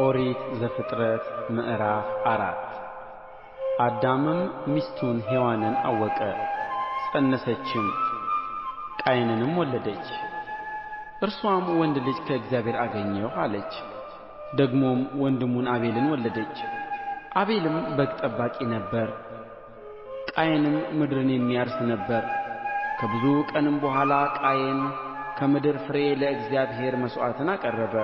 ኦሪት ዘፍጥረት ምዕራፍ አራት አዳምም ሚስቱን ሔዋንን አወቀ፣ ፀነሰችም፣ ቃየንንም ወለደች። እርሷም ወንድ ልጅ ከእግዚአብሔር አገኘሁ አለች። ደግሞም ወንድሙን አቤልን ወለደች። አቤልም በግ ጠባቂ ነበር፣ ቃየንም ምድርን የሚያርስ ነበር። ከብዙ ቀንም በኋላ ቃየን ከምድር ፍሬ ለእግዚአብሔር መሥዋዕትን አቀረበ።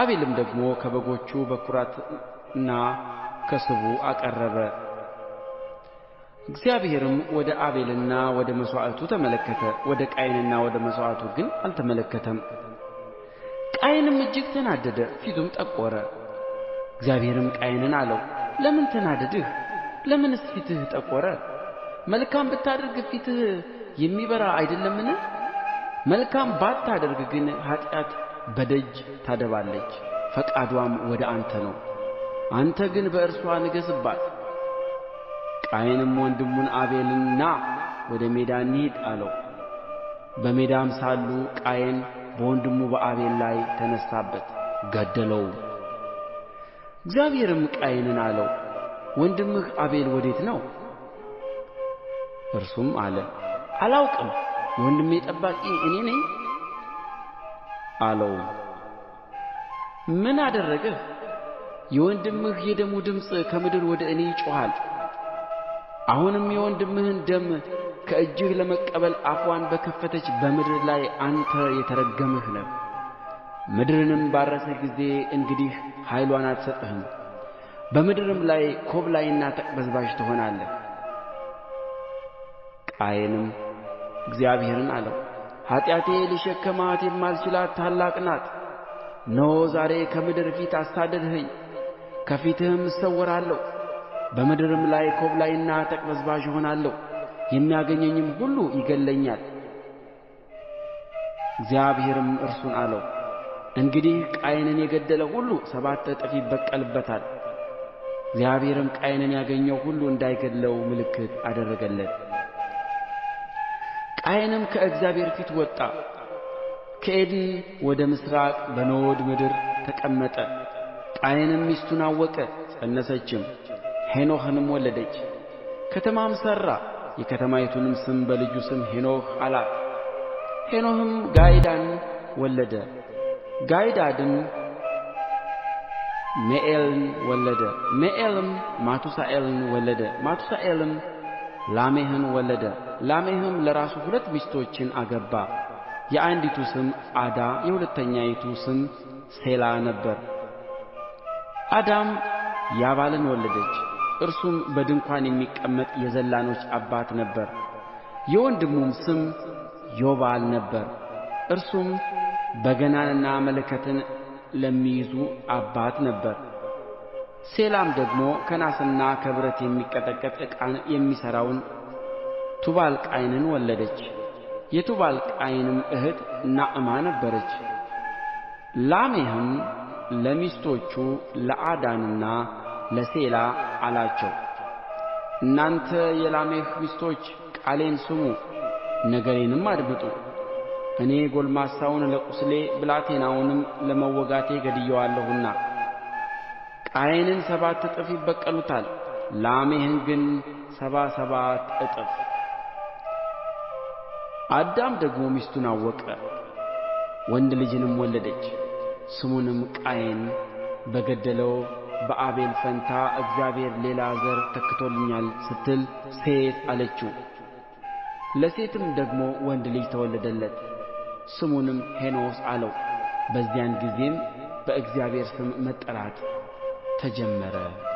አቤልም ደግሞ ከበጎቹ በኵራትና ከስቡ አቀረበ እግዚአብሔርም ወደ አቤልና ወደ መሥዋዕቱ ተመለከተ ወደ ቃየንና ወደ መሥዋዕቱ ግን አልተመለከተም ቃየንም እጅግ ተናደደ ፊቱም ጠቆረ እግዚአብሔርም ቃየንን አለው ለምን ተናደድህ ለምንስ ፊትህ ጠቆረ መልካም ብታደርግ ፊትህ የሚበራ አይደለምን መልካም ባታደርግ ግን ኃጢአት በደጅ ታደባለች ፈቃድዋም ወደ አንተ ነው አንተ ግን በእርስዋ ንገሥባት ቃየንም ወንድሙን አቤልን ና ወደ ሜዳ እንሂድ አለው በሜዳም ሳሉ ቃየን በወንድሙ በአቤል ላይ ተነሣበት ገደለውም እግዚአብሔርም ቃየንን አለው ወንድምህ አቤል ወዴት ነው እርሱም አለ አላውቅም ወንድሜ ጠባቂ እኔ ነኝ አለው። ምን አደረግህ የወንድምህ የደሙ ድምፅ ከምድር ወደ እኔ ይጮኻል አሁንም የወንድምህን ደም ከእጅህ ለመቀበል አፏን በከፈተች በምድር ላይ አንተ የተረገምህ ነህ ምድርንም ባረሰህ ጊዜ እንግዲህ ኃይሏን አትሰጥህም በምድርም ላይ ኮብላይና ተቅበዝባዥ ትሆናለህ ቃየንም እግዚአብሔርን አለው ኃጢአቴ ልሸከማት የማልችላት ታላቅ ናት እነሆ ዛሬ ከምድር ፊት አሳደድኸኝ ከፊትህም እሰወራለሁ በምድርም ላይ ኰብላይና ተቅበዝባዥ እሆናለሁ የሚያገኘኝም ሁሉ ይገድለኛል እግዚአብሔርም እርሱን አለው እንግዲህ ቃየንን የገደለ ሁሉ ሰባት እጥፍ ይበቀልበታል እግዚአብሔርም ቃየንን ያገኘው ሁሉ እንዳይገድለው ምልክት አደረገለት ፀሐይም ከእግዚአብሔር ፊት ወጣ ከዔድን ወደ ምሥራቅ በኖድ ምድር ተቀመጠ ቃየንም ሚስቱን አወቀ ፀነሰችም ሄኖህንም ወለደች ከተማም ሠራ የከተማይቱንም ስም በልጁ ስም ሄኖህ አላት ሄኖህም ጋይዳድን ወለደ ጋይዳድም ሜኤልን ወለደ ሜኤልም ማቱሣኤልን ወለደ ማቱሣኤልም ላሜሕን ወለደ ላሜሕም ለራሱ ሁለት ሚስቶችን አገባ የአንዲቱ ስም ዓዳ የሁለተኛይቱ ስም ሴላ ነበረ አዳም ያባልን ወለደች እርሱም በድንኳን የሚቀመጥ የዘላኖች አባት ነበረ የወንድሙም ስም ዮባል ነበረ እርሱም በገናንና መለከትን ለሚይዙ አባት ነበረ ሴላም ደግሞ ከናስና ከብረት የሚቀጠቀጥ ዕቃን የሚሠራውን ቱባልቃይንን ወለደች የቱባልቃይንም እኅት ናዕማ ነበረች ላሜሕም ለሚስቶቹ ለአዳንና ለሴላ አላቸው እናንተ የላሜሕ ሚስቶች ቃሌን ስሙ ነገሬንም አድምጡ እኔ ጕልማሳውን ለቍስሌ ብላቴናውንም ለመወጋቴ ገድዬዋለሁና ቃየንን ሰባት እጥፍ ይበቀሉታል ላሜሕን ግን ሰባ ሰባት እጥፍ አዳም ደግሞ ሚስቱን አወቀ ወንድ ልጅንም ወለደች ስሙንም ቃየን በገደለው በአቤል ፋንታ እግዚአብሔር ሌላ ዘር ተክቶልኛል ስትል ሴት አለችው ለሴትም ደግሞ ወንድ ልጅ ተወለደለት ስሙንም ሄኖስ አለው በዚያን ጊዜም በእግዚአብሔር ስም መጠራት تجمرا